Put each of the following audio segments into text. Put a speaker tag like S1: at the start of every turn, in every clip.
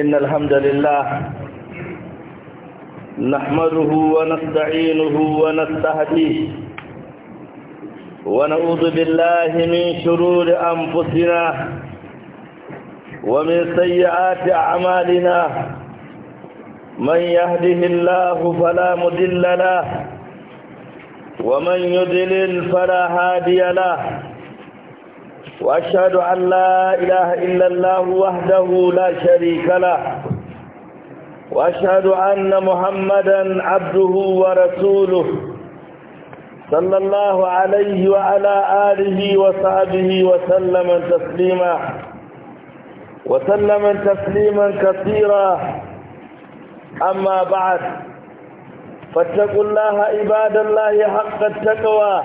S1: إن الحمد لله نحمده ونستعينه ونستهديه ونعوذ بالله من شرور أنفسنا ومن سيئات أعمالنا من يهده الله فلا مدل له ومن يدلل فلا هادي له وأشهد أن لا إله إلا الله وحده لا شريك له وأشهد أن محمدا عبده ورسوله صلى الله عليه وعلى آله وصحبه وسلم تسليما وسلم تسليما كثيرا أما بعد فاتقوا الله عباد الله حق التقوى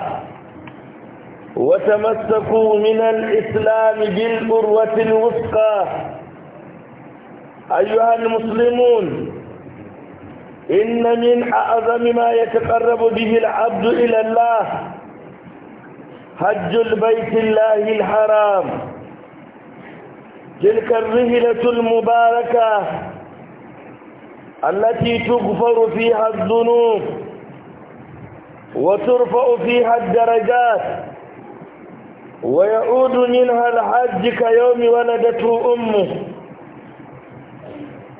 S1: وتمسكوا من الإسلام بالقروة الوثقى أيها المسلمون إن من أعظم ما يتقرب به العبد إلى الله حج البيت الله الحرام تلك الرهلة المباركة التي تغفر فيها الذنوب وترفع فيها الدرجات ويعود منها الحج كيوم ولدته أمه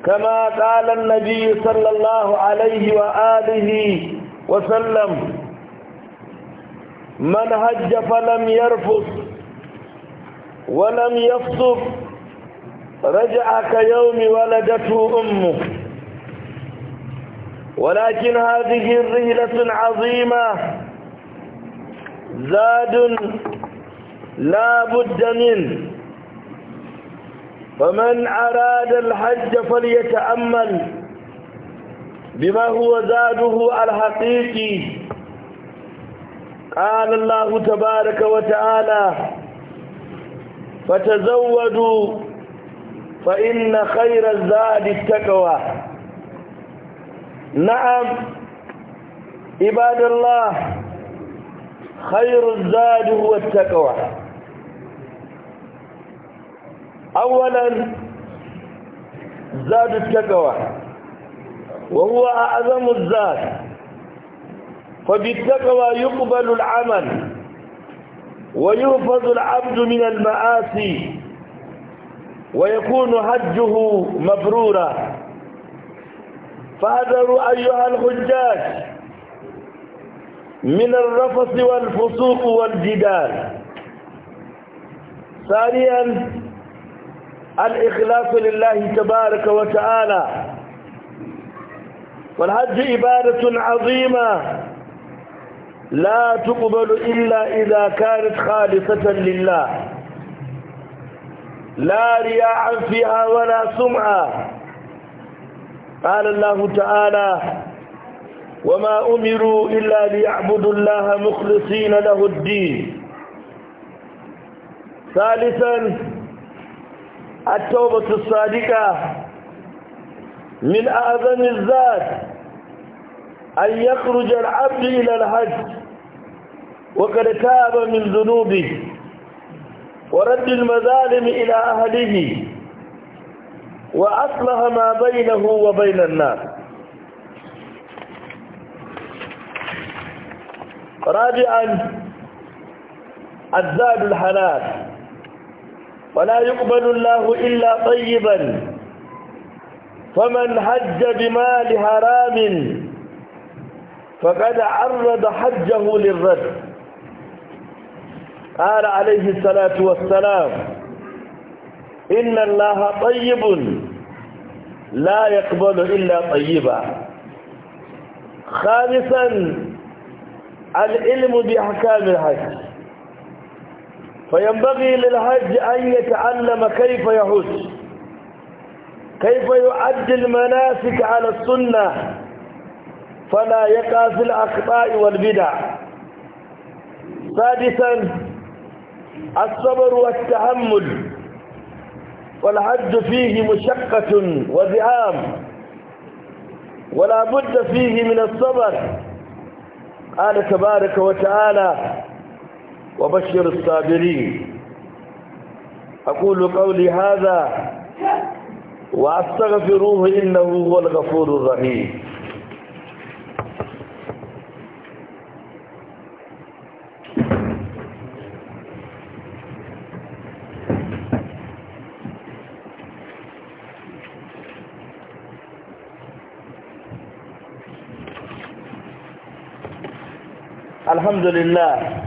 S1: كما قال النبي صلى الله عليه وآله وسلم من حج فلم يرفض ولم يفسق رجع كيوم ولدته أمه ولكن هذه الرهلة عظيمة زاد لا بد منه فمن أراد الحج فليتأمل بما هو زاده الحقيقي قال الله تبارك وتعالى فتزودوا فإن خير الزاد التقوى نعم عباد الله خير الزاد هو التقوى أولا زاد التقوى وهو أعظم الزاد فبالتقوى يقبل العمل ويحفظ العبد من المآسي ويكون حجه مبرورا فاحذروا أيها الحجاج من الرفث والفسوق والجدال ثانيا الإخلاص لله تبارك وتعالى والحج عبادة عظيمة لا تقبل إلا إذا كانت خالصة لله لا رياء فيها ولا سمعة قال الله تعالى وما أمروا إلا ليعبدوا الله مخلصين له الدين ثالثاً التوبة الصادقة من أعظم الذات أن يخرج العبد إلى الحج وقد تاب من ذنوبه ورد المظالم إلى أهله وأصلح ما بينه وبين الناس رابعا الزاد الحلال ولا يقبل الله إلا طيبا فمن حج بمال حرام فقد عرض حجه للرد قال عليه الصلاة والسلام إن الله طيب لا يقبل إلا طيبا خامسا العلم بأحكام الحج فينبغي للحج أن يتعلم كيف يحج كيف يؤدي المناسك على السنة فلا يقع في الأخطاء والبدع سادسا الصبر والتحمل والحج فيه مشقة وزعام ولا بد فيه من الصبر قال تبارك وتعالى وبشر الصابرين أقول قولي هذا وأستغفروه إنه هو الغفور الرحيم الحمد لله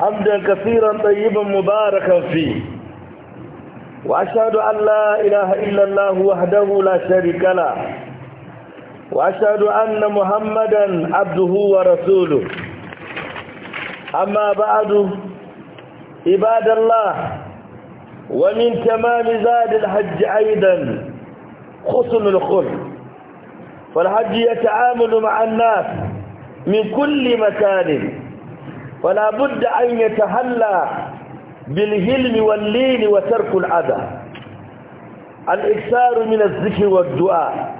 S1: حمدا كثيرا طيبا مباركا فيه وأشهد أن لا إله إلا الله وحده لا شريك له وأشهد أن محمدا عبده ورسوله أما بعد عباد الله ومن تمام زاد الحج أيضا خصم الخلق فالحج يتعامل مع الناس من كل مكان فلا بد أن يتحلى بالهلم واللين وترك الاذى الإكثار من الذكر والدعاء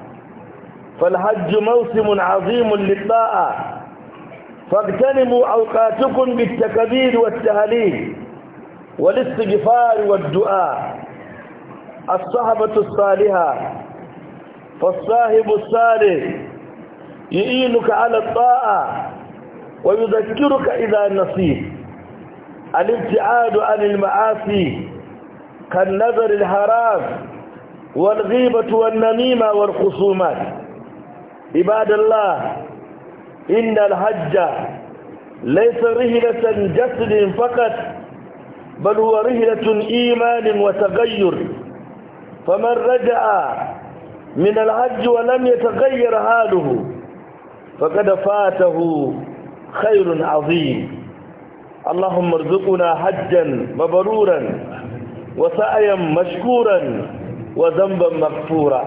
S1: فالحج موسم عظيم للطاعة فاغتنموا أوقاتكم بالتكبير والتهليل والاستغفار والدعاء الصحبة الصالحة فالصاحب الصالح يعينك على الطاعة ويذكرك إذا نسيت الابتعاد عن المعاصي كالنذر الحرام والغيبة والنميمة والخصومات عباد الله إن الحج ليس رهلة جسد فقط بل هو رهلة إيمان وتغير فمن رجع من الحج ولم يتغير حاله فقد فاته خير عظيم اللهم ارزقنا حجا مبرورا وسعيا مشكورا وذنبا مغفورا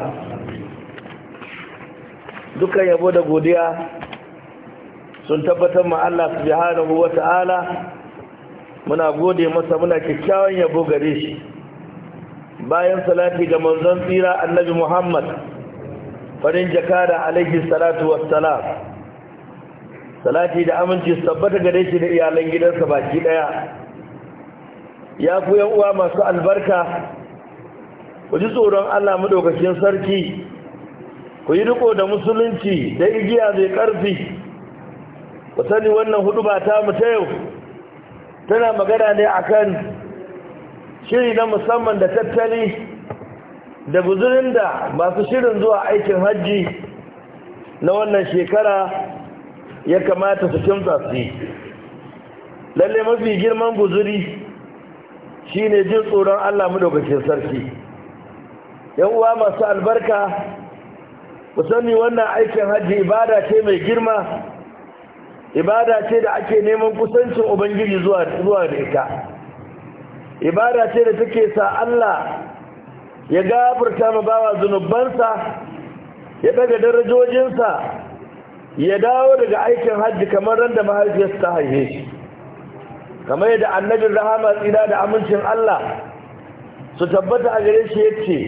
S1: dukan yabo da godiya sun tabbatar ma Allah subhanahu ta'ala muna gode masa muna kyakkyawan yabo gare shi bayan salati ga manzon tsira annabi Muhammad farin jakada alaihi salatu wassalam salati da aminci su tabbata gare shi da iyalan gidansa baki daya ya ku yan uwa masu albarka ku ji tsoron Allah madaukakin sarki ku yi riko da musulunci da igiya mai karfi ku sani wannan hudu ba ta mu ta yau tana magana ne akan shiri na musamman da tattali da buzurin da masu shirin zuwa aikin hajji na wannan shekara ya kamata su kimsa su yi lalle mafi girman guzuri ne jin tsoron Allah mu madaukakin sarki yan uwa masu albarka ku sani wannan aikin hajji ibada ce mai girma ibada ce da ake neman kusancin ubangiji zuwa da ita ibada ce da take sa Allah ya gafarta ma bawa zunubansa ya daga darajojinsa ya dawo daga aikin hajji kamar randa mahaifiyarsa ta haife shi kamar yadda annabin rahama tsira da amincin Allah su tabbata a gare shi yace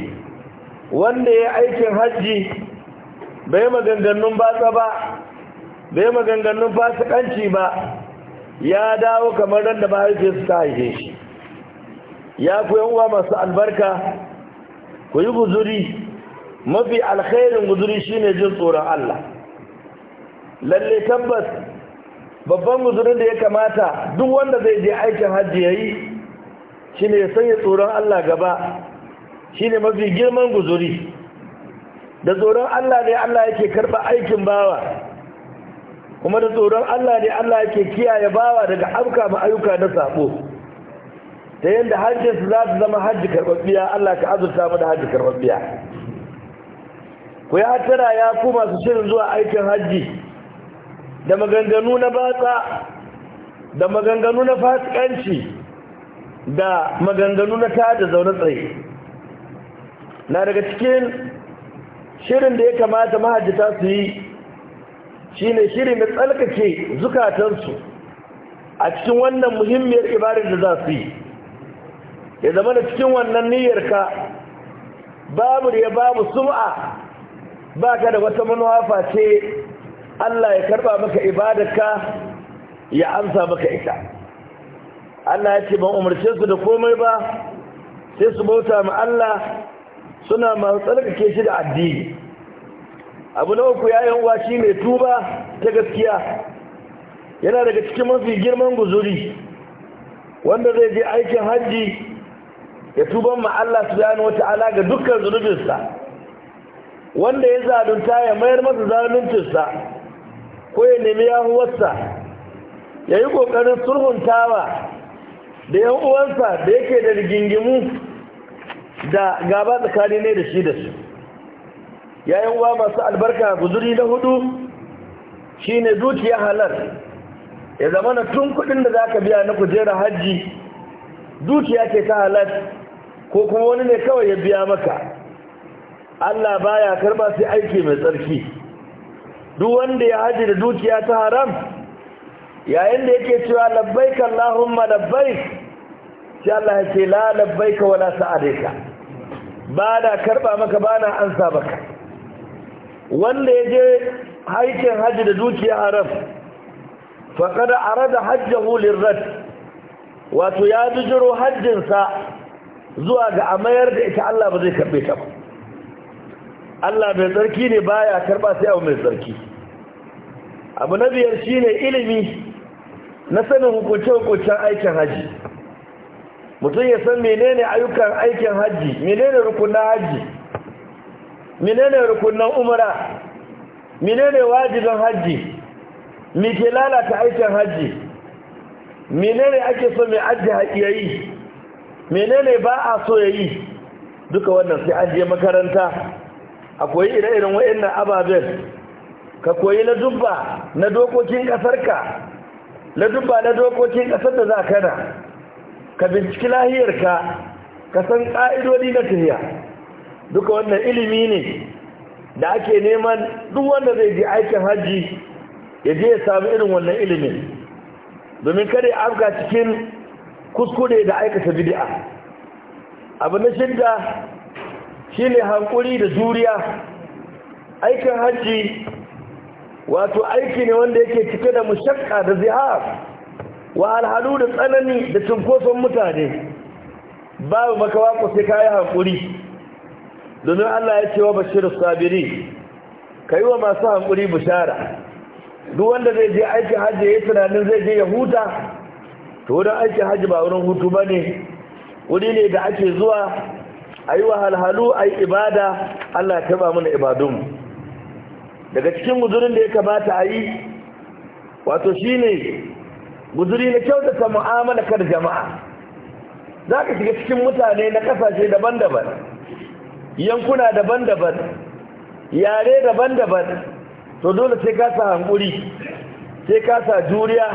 S1: wanda ya aikin hajji bai maganganun batsa ba bai maganganun fasikanci ba ya dawo kamar randa mahaifiyarsa ta haife shi ya ku yan uwa masu albarka ku yi guzuri mafi alkhairin guzuri shine jin tsoron Allah lalle tabbas babban guzurin da ya kamata duk wanda zai je aikin hajji ya yi shi ne sanya tsoron Allah gaba shi ne mafi girman guzuri da tsoron Allah ne Allah yake karɓa aikin bawa kuma da tsoron Allah ne Allah yake kiyaye bawa daga afka ma ayyuka na sabo ta yadda hajjinsu za su zama hajji karɓaɓɓiya Allah ka azurta mu da hajji karɓaɓɓiya ku ya tara ya ku masu shirin zuwa aikin hajji da maganganu na batsa da maganganu na fasikanci da maganganu na tada zaune tsaye na daga cikin shirin da ya kamata mahajjata su yi shi ne shiri na tsalkake zukatansu a cikin wannan muhimmiyar ibarin da za su yi ya zama da cikin wannan niyyarka babu ya babu sum'a ba ka da wata manuwa face. Allah ya karba maka ibadarka ya amsa maka ita Allah ya ce ban umarce su da komai ba sai su bauta ma Allah suna masu tsarkake shi da addini abu na ya 'yan uwa shi tuba ta gaskiya yana daga cikin mafi girman guzuri wanda zai je aikin hajji ya tuba ma Allah subhanahu wata'ala ga dukkan zunubinsa wanda ya zalunta ya mayar masa zaluncinsa ko ya nemi yan ya yi ƙoƙarin sulhuntawa da yan uwansa da yake da rigingimu da gaba tsakani ne da shi da su yayin uwa masu albarka guzuri na hudu Shi ne dukiya halar ya zama na tun kudin da za ka biya na kujera hajji dukiya ke ta halar ko kuma wani ne kawai ya biya maka Allah baya karba sai aiki mai tsarki duk wanda ya haji da dukiya ta haram yayin da yake cewa labbaik Allahumma labbaik sai Allah ya ce la labbaik wala sa'adika ba na karba maka ba na ansa baka wanda ya je haikin haji da dukiya haram faqad arada hajjahu lirrad wato ya bijiro hajjinsa zuwa ga amayar da ita Allah ba zai karbe ta ba Allah mai tsarki ne ba ya karba sai abu mai tsarki abu na biyar shi ne ilimi na sanin hukunce-hukuncen aikin hajji. mutum ya san menene ayyukan aikin hajji? menene rukunan haji menene rukunan umara menene wajibin hajji? me lalata aikin hajji? menene ake so mai aji yi? menene ba a so ya yi duka wannan sai an je makaranta a koyi ire-iren na ababen ka koyi na dubba na dokokin ƙasarka na dubba na dokokin ƙasar da za kana ka binciki lahiyar ka san ƙa'idodi na tafiya duka wannan ilimi ne da ake neman duk wanda zai je aikin hajji ya je ya samu irin wannan ilimin domin kada ya afka cikin kuskure da aikata bid'a abu na shidda shine hankuri da juriya aikin hajji wato aiki ne wanda yake cike da mushakka da zihar wa alhalu da tsanani da cinkoson mutane babu makawa wako sai kayi hankuri domin Allah ya ce wa bashiru sabiri kai wa masu hankuri bishara duk wanda zai je aikin haji ya tunanin zai je ya huta to wurin aikin haji ba wurin hutu ba wuri ne da ake zuwa a yi wahalhalu a yi ibada allah ya taba mana ibadun. daga cikin guzurin da ya kamata a yi wato shi ne guzuri na kyautata mu'amala kar jama'a za ka shiga cikin mutane na kasashe daban-daban yankuna daban-daban yare daban-daban to dole sai ka sa hankuri sai ka sa juriya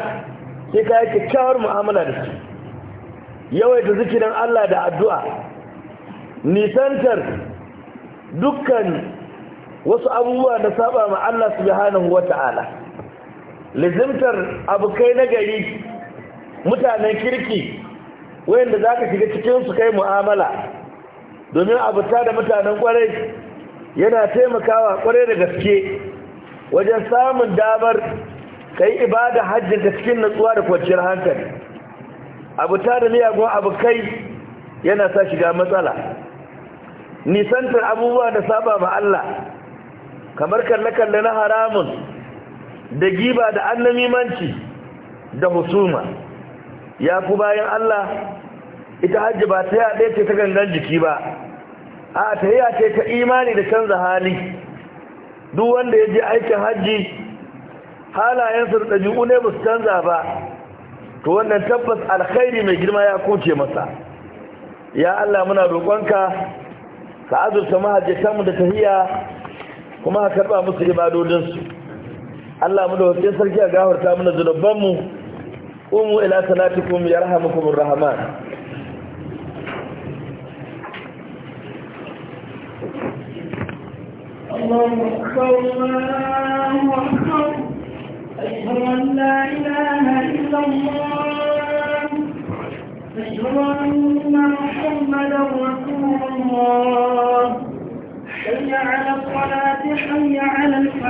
S1: sai ka yi kyakkyawar mu'amala da su yawaita zikirin allah da addu'a nisantar dukkan wasu abubuwa da saba ma Allah subhanahu wata'ala lizimtar abokai na gari mutanen kirki wayanda zaka shiga cikin su kai mu'amala domin abuta da mutanen kwarai yana taimakawa kwarai da gaske wajen samun damar kai ibada hajjin da cikin natsuwa da kwanciyar hankali abuta da miyagun abokai yana sa shiga matsala nisantar abubuwa da saba ba Allah kamar kalle-kalle na haramun da giba da annamimanci da husuma ya ku bayan Allah ita hajji ba ta yaɗe ce ta gangan jiki ba a ta yi ce ta imani da canza hali duk wanda ya je aikin hajji halayensa da ɗabi'u ne ba su canza ba to wannan tabbas alkhairi mai girma ya kuce masa ya Allah muna roƙonka ka azurta mahajjatanmu da tahiyya kuma ka ba musu ibadodinsu Allah mu da wakil sarki a gafarta mana zunubanmu umu ila salatikum yarhamukumur rahman الله أكبر wa أكبر أشهد أن لا إله إلا الله أشهد أن محمدا رسول الله حي على الصلاة حي على الفلاح